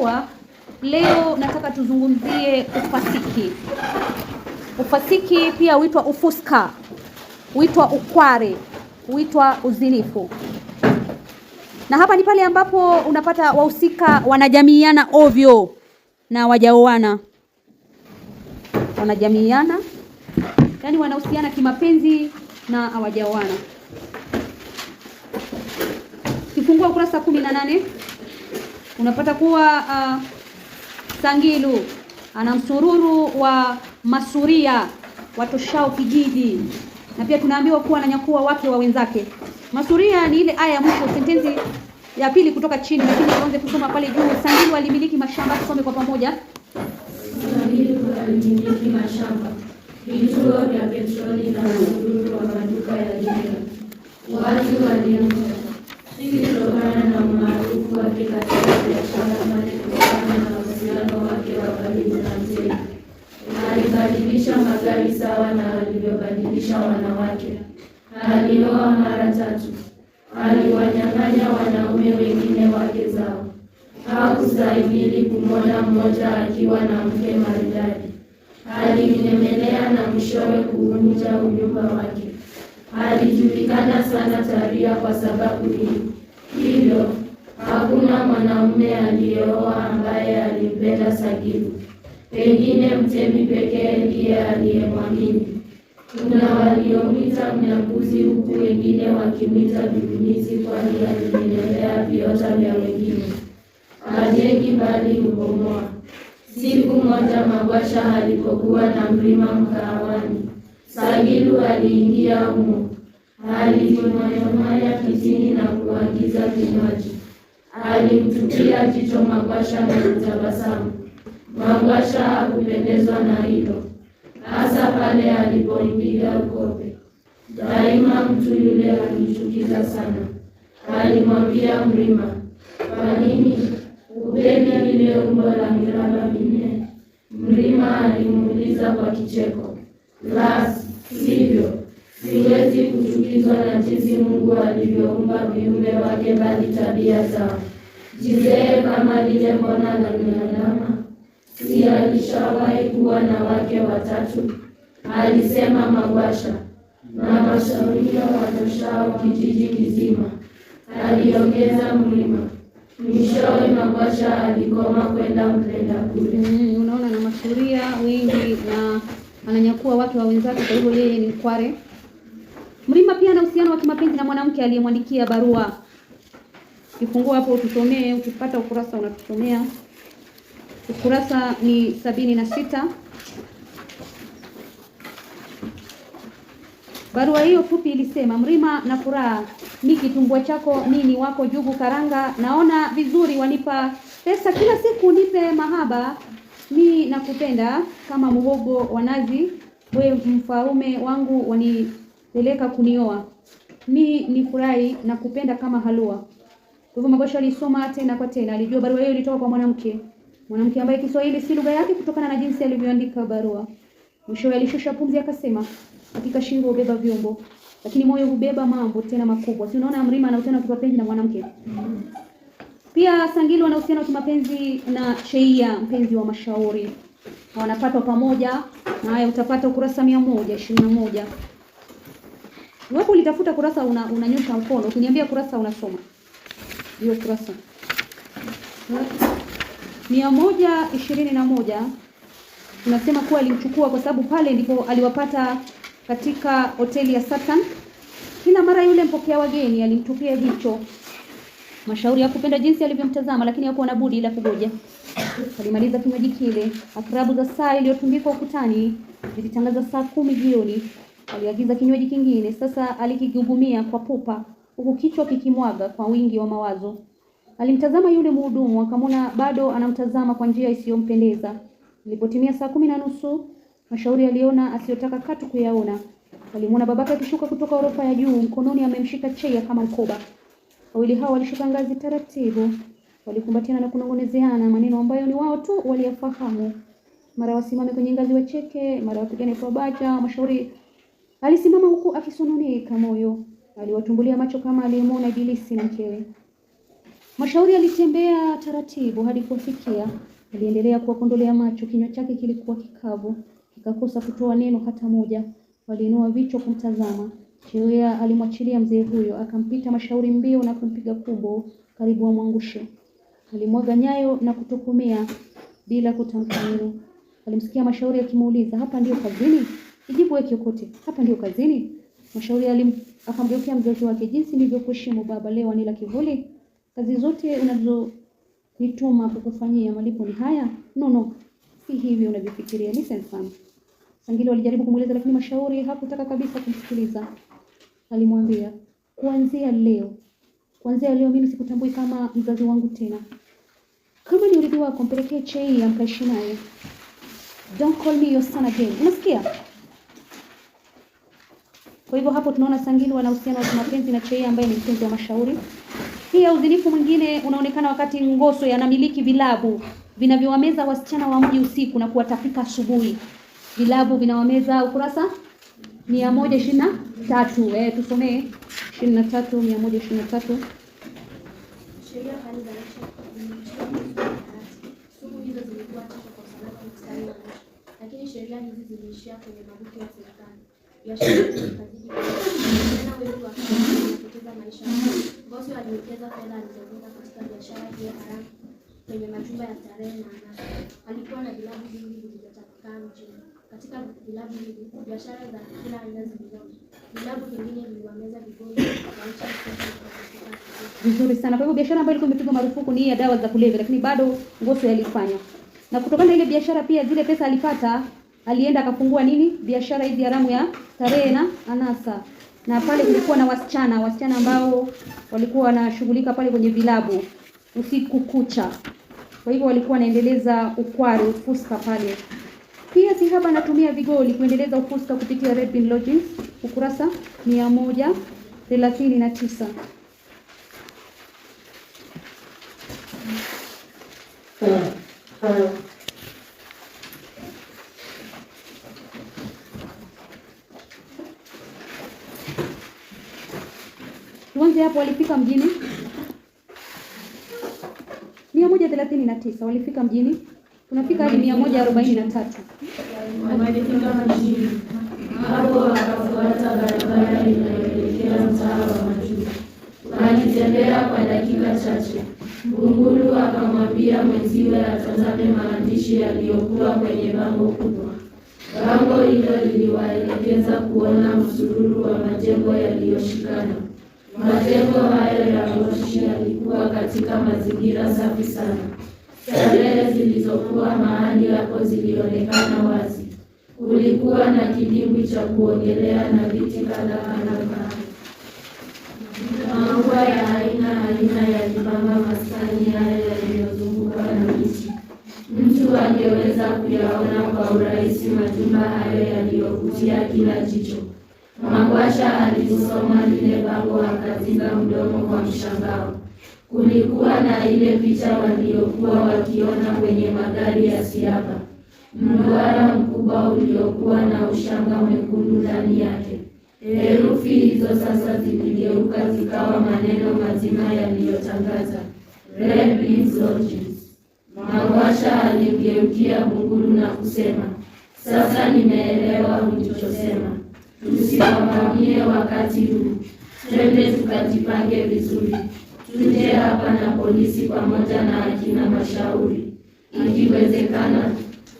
kuwa leo nataka tuzungumzie ufasiki. Ufasiki pia huitwa ufuska, huitwa ukware, huitwa uzinifu, na hapa ni pale ambapo unapata wahusika wanajamiiana ovyo na wajaoana, wanajamiiana yaani wanahusiana kimapenzi na hawajaoana. Kifungua ukurasa kumi na nane unapata kuwa uh, Sangilu ana msururu wa masuria watoshao kijiji, na pia tunaambiwa kuwa ananyakuwa wake wa wenzake. Masuria ni ile aya ya mwisho sentensi ya pili kutoka chini, lakini tuanze kusoma pale juu. Sangilu alimiliki mashamba, tusome kwa pamoja. Sangilu alimiliki mashamba, vituo vya petroli na msururu wa maduka ya jumla. Watu hakustahimili kumwona mmoja akiwa na mke maridadi. Alimnemelea na mshowe kuunja unyumba wake. Alijulikana sana taria kwa sababu hii. Hivyo hakuna mwanamume aliyeoa ambaye alimpenda Sagilu. Pengine Mtemi pekee ndiye aliyemwamini. Kuna waliomwita mnyambuzi, huku wengine wakimwita vigumizi, kwani alivilelea viota vya wengine majengi bali hubomoa. Siku moja Magwasha alipokuwa na mlima mkahawani, Sagilu aliingia humo, alijumayamaya kitini na kuagiza kinywaji. Alimtupia jicho Magwasha na kutabasamu. Magwasha hakupendezwa na hilo, hasa pale alipoingia ukope. Daima mtu yule alichukiza sana. Alimwambia mlima, kwa nini Benya lile umbo la miraba minne. Mlima alimuuliza kwa kicheko, la sivyo, siwezi kuchukizwa na jinsi Mungu alivyoumba viumbe wake, bali tabia zao. Jizee kama lile mbona la mnyandama, si alishawahi kuwa na wake watatu? Alisema Magwasha na mashauria watoshao kijiji kizima, aliongeza Mlima. Mwishowe Magwasha alikoma kwenda mlenda kule. Mm, unaona na masuria wengi na ananyakua watu wa wenzake, kwa hivyo yeye ni mkware. Mrima pia ana uhusiano wa kimapenzi na mwanamke aliyemwandikia barua. Kifungua hapo utusomee, ukipata ukurasa unatusomea. Ukurasa ni sabini na sita. Barua hiyo fupi ilisema: Mrima na furaha, mi kitumbua chako nini, wako jugu karanga, naona vizuri, wanipa pesa kila siku, nipe mahaba, mi nakupenda kama muhogo wa nazi, we mfaume wangu, wanipeleka kunioa, mi ni furahi, nakupenda kama halua. Kwa hivyo Magosha alisoma tena kwa tena, alijua barua hiyo ilitoka kwa mwanamke, mwanamke ambaye Kiswahili si lugha yake kutokana na jinsi alivyoandika barua. Mwishowe alishusha pumzi akasema katika shingo hubeba vyombo, lakini moyo hubeba mambo tena makubwa. Si unaona mlima ana uhusiano wa kimapenzi na mwanamke pia Sangili wana uhusiano wa kimapenzi na Sheia, mpenzi wa mashauri, wanapatwa pamoja na haya utapata ukurasa mia moja ishirini na moja. Iwapo ulitafuta kurasa una, unanyosha mkono ukiniambia kurasa unasoma hiyo kurasa mia moja ishirini na moja. Unasema kuwa alimchukua kwa sababu pale ndipo aliwapata katika hoteli ya Satan. Kila mara yule mpokea wageni alimtupia jicho, mashauri hakupenda jinsi alivyomtazama, lakini hakuwa na budi ila kugoja. Alimaliza kinywaji kile. Akrabu za saa iliyotumbikwa ukutani zilitangaza saa kumi jioni. Aliagiza kinywaji kingine, sasa alikigugumia kwa pupa, huku kichwa kikimwaga kwa wingi wa mawazo. Alimtazama yule mhudumu, akamwona bado anamtazama kwa njia isiyompendeza. Ilipotimia saa kumi na nusu Mashauri aliona asiyotaka katu kuyaona. Alimwona babake akishuka kutoka orofa ya juu, mkononi amemshika Cheya kama mkoba. Wawili hao walishuka ngazi taratibu, walikumbatiana na kunongonezeana maneno ambayo ni wao tu waliyafahamu. Mara wasimame kwenye ngazi wacheke, mara wapigane kwa bacha. Mashauri alisimama huku akisononeka moyo, aliwatumbulia macho kama aliyemwona Ibilisi na mkewe. Mashauri alitembea taratibu hadi kuwafikia, aliendelea kuwakondolea macho, kinywa chake kilikuwa kikavu. Ikakosa kutoa neno hata moja, waliinua vichwa kumtazama. Sheria alimwachilia mzee huyo, akampita mashauri mbio na kumpiga kubo, karibu amwangushe. Alimwaga nyayo na kutokomea bila kutamka neno. Alimsikia mashauri akimuuliza, hapa ndiyo kazini? Ijibu yake kote, hapa ndiyo kazini? Mashauri alim akamgeukia mzazi wake, jinsi nilivyokuheshimu baba, leo ni la kivuli. Kazi zote unazonituma kukufanyia malipo ni haya? No, no, si hivi unavyofikiria. Listen sana Sangili walijaribu kumweleza lakini Mashauri hakutaka kabisa kumsikiliza. Alimwambia, kuanzia leo, kuanzia leo mimi sikutambui kama mzazi wangu tena. Kama ni urithi wako, mpelekee Chei ya mkaishi naye. Don't call me your son again. Unasikia? Kwa hivyo hapo tunaona Sangili wana uhusiano wa kimapenzi na Chei ambaye ni mpenzi wa Mashauri. Hii ya udhinifu mwingine unaonekana wakati Ngoso yanamiliki vilabu vinavyowameza wasichana wa mji usiku na kuwatafika asubuhi vilabu vinawameza ukurasa mia moja ishirini na tatu. Eh, tusomee ishirini na tatu mia moja ishirini na tatu kwenye majumba ya starehe na anasa. Alikuwa na vilabu vingi katika vilabu hivi biashara za kila aina ziliomo. Vilabu vingine viliwameza vigoli vizuri sana. Kwa hivyo biashara ambayo ilikuwa imepigwa marufuku ni ya dawa za kulevya, lakini bado Ngoso yalifanya, na kutokana na ile biashara pia zile pesa alipata alienda akafungua nini biashara hizi haramu ya tarehe na anasa, na pale kulikuwa na wasichana wasichana ambao walikuwa wanashughulika pale kwenye vilabu usiku kucha. Kwa hivyo walikuwa wanaendeleza ukwari fuska pale. Pia Sihaba anatumia vigoli kuendeleza ufuska kupitia Redbin Lodging ukurasa 139. Tuanze hapo, walifika mjini 139, walifika mjini tunafika hadi mia moja arobaini na tatu hapo wakafuata barabara inayoelekea mtaa wa Majuto. Walitembea kwa dakika chache. Gungulu akamwambia mwenziwe atazame maandishi yaliyokuwa kwenye bango kubwa. Bango hilo liliwaelekeza kuona msururu wa majengo yaliyoshikana. Majengo hayo ya moshi yalikuwa katika mazingira safi sana. Sherehe zilizokuwa mahali hapo zilionekana wazi. Kulikuwa na kidimbwi cha kuogelea na viti kadhaa kadhaa. Maua ya aina aina yalipamba maskani yale yaliyozunguka na miti. Mtu angeweza kuyaona kwa urahisi majumba hayo yaliyovutia kila jicho. magwasha alisoma mashambani. Kulikuwa na ile picha waliokuwa wakiona kwenye magari ya siaba, mduara mkubwa uliokuwa na ushanga mwekundu ndani yake. Herufi hizo sasa ziligeuka zikawa maneno mazima yaliyotangaza Mawasha aligeukia Bungulu na kusema, sasa nimeelewa ulichosema, tusiwavamie wakati huu. Twende tukajipange vizuri, tuje hapa na polisi pamoja na akina mashauri. Ikiwezekana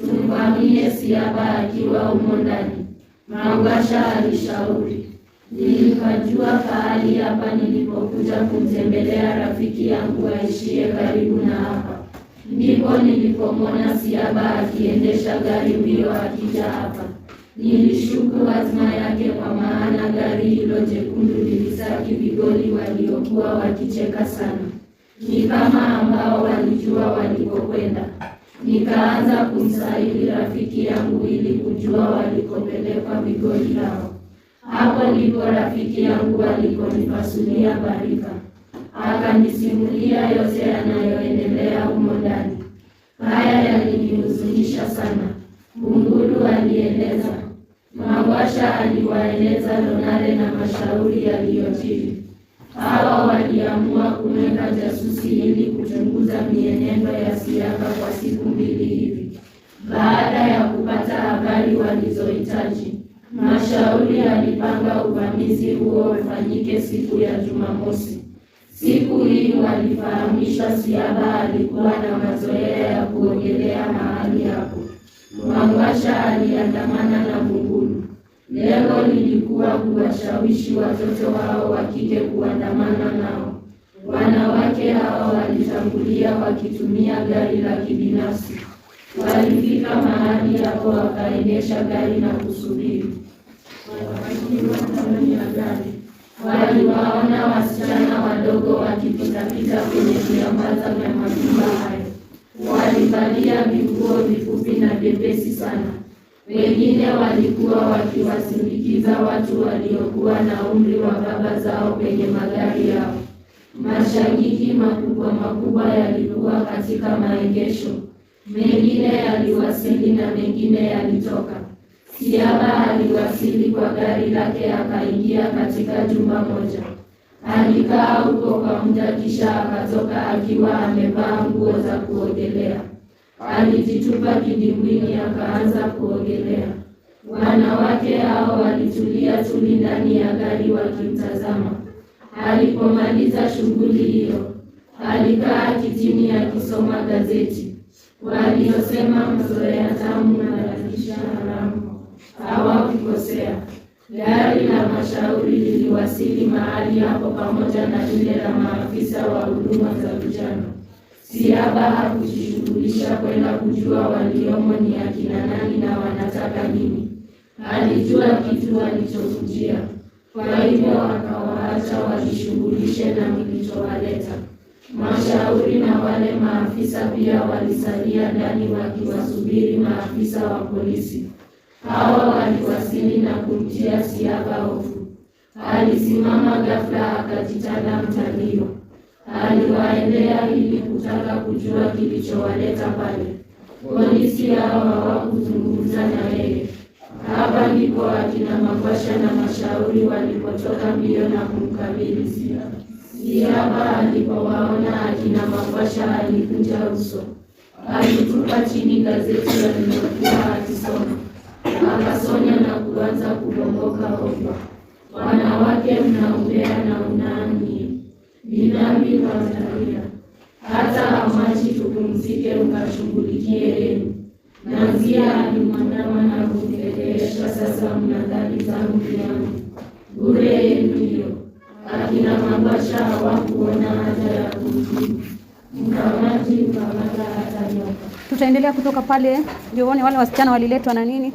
tumvamie Siaba akiwa umo ndani, Mangwasha alishauri. Nilipajua fahali hapa nilipokuja kumtembelea rafiki yangu aishie karibu na hapa, ndipo nilipomwona Siaba akiendesha gari mbio akija hapa nilishuku azma yake, kwa maana gari hilo jekundu lilisaki vigoli waliokuwa wakicheka sana, ni kama ambao walijua walikokwenda. Nikaanza kumsahili rafiki yangu ili kujua walikopelekwa vigoli lao. Hapo ndipo rafiki yangu alikonipasulia barika, akanisimulia yote yanayoendelea humo ndani. Haya yalinihuzunisha sana. Mungudu alieleza, magwasha aliwaeleza Lonare na mashauri yaliyojiri. Hawa waliamua kumweka jasusi ili kuchunguza mienendo ya Siaka kwa siku mbili hivi. Baada ya kupata habari walizohitaji, mashauri alipanga uvamizi huo ufanyike siku ya Jumamosi. Siku hii walifahamisha Siaba alikuwa na mazoea ya kuogelea mahali hapo. Asha aliandamana na Mungulu. Lengo lilikuwa kuwashawishi watoto wao wa kike kuandamana nao. Wanawake hao walitangulia wakitumia gari la kibinafsi. Walifika mahali hapo, wakaendesha gari na kusubiri. ndani ya gari, waliwaona wasichana wadogo wakipitapita kwenye viambaza vya majumba walivalia vinguo vifupi na vyepesi sana. Wengine walikuwa wakiwasindikiza watu waliokuwa na umri wa baba zao kwenye magari yao. Mashangiki makubwa makubwa yalikuwa katika maegesho, mengine yaliwasili na mengine yalitoka. Siaba aliwasili kwa gari lake, akaingia katika jumba moja. Alikaa huko kwa muda, kisha akatoka akiwa amevaa nguo za kuogelea. Alijitupa kidimbwini akaanza kuogelea. Wanawake hao walitulia tuli ndani ya gari wakimtazama. Alipomaliza shughuli hiyo, alikaa kitini akisoma gazeti. Waliosema mazoea tamu na yakisha haramu hawakukosea. Gari la mashauri liliwasili mahali hapo pamoja na lile la maafisa wa huduma za vijana. Siaba hakujishughulisha kwenda kujua waliomo ni akina nani na wanataka nini. Alijua kitu walichokujia, kwa hivyo akawaacha wajishughulishe na kilichowaleta. Mashauri na wale maafisa pia walisalia ndani wakiwasubiri maafisa wa polisi. Hawa waliwasili na kumtia Siaba hofu. Alisimama ghafla, akajitanda mtandio. Aliwaendea ili kutaka kujua kilichowaleta pale. Polisi hawa hawakuzungumza na yeye. Hapa ndipo akina magwasha na Mashauri walipotoka mbio na kumkabili Siaba. Siaba alipowaona akina Mabwasha alikunja uso, alitupa chini gazeti alilokuwa akisoma akasonya na kuanza kuongoka ovyo. Wanawake mnaombea na unani, ni dhambi kuangalia hata hamwachi tupumzike, mkashughulikie yenu. Nazia alimwandama na kumfedhehesha, sasa mnadhani dhambi zangu yangu bure yenu hiyo. Akina Mabasha hawakuona haja ya kumjibu mkamati, mkamata hata nyoka. Tutaendelea kutoka pale, ndio uone wale wasichana waliletwa na nini.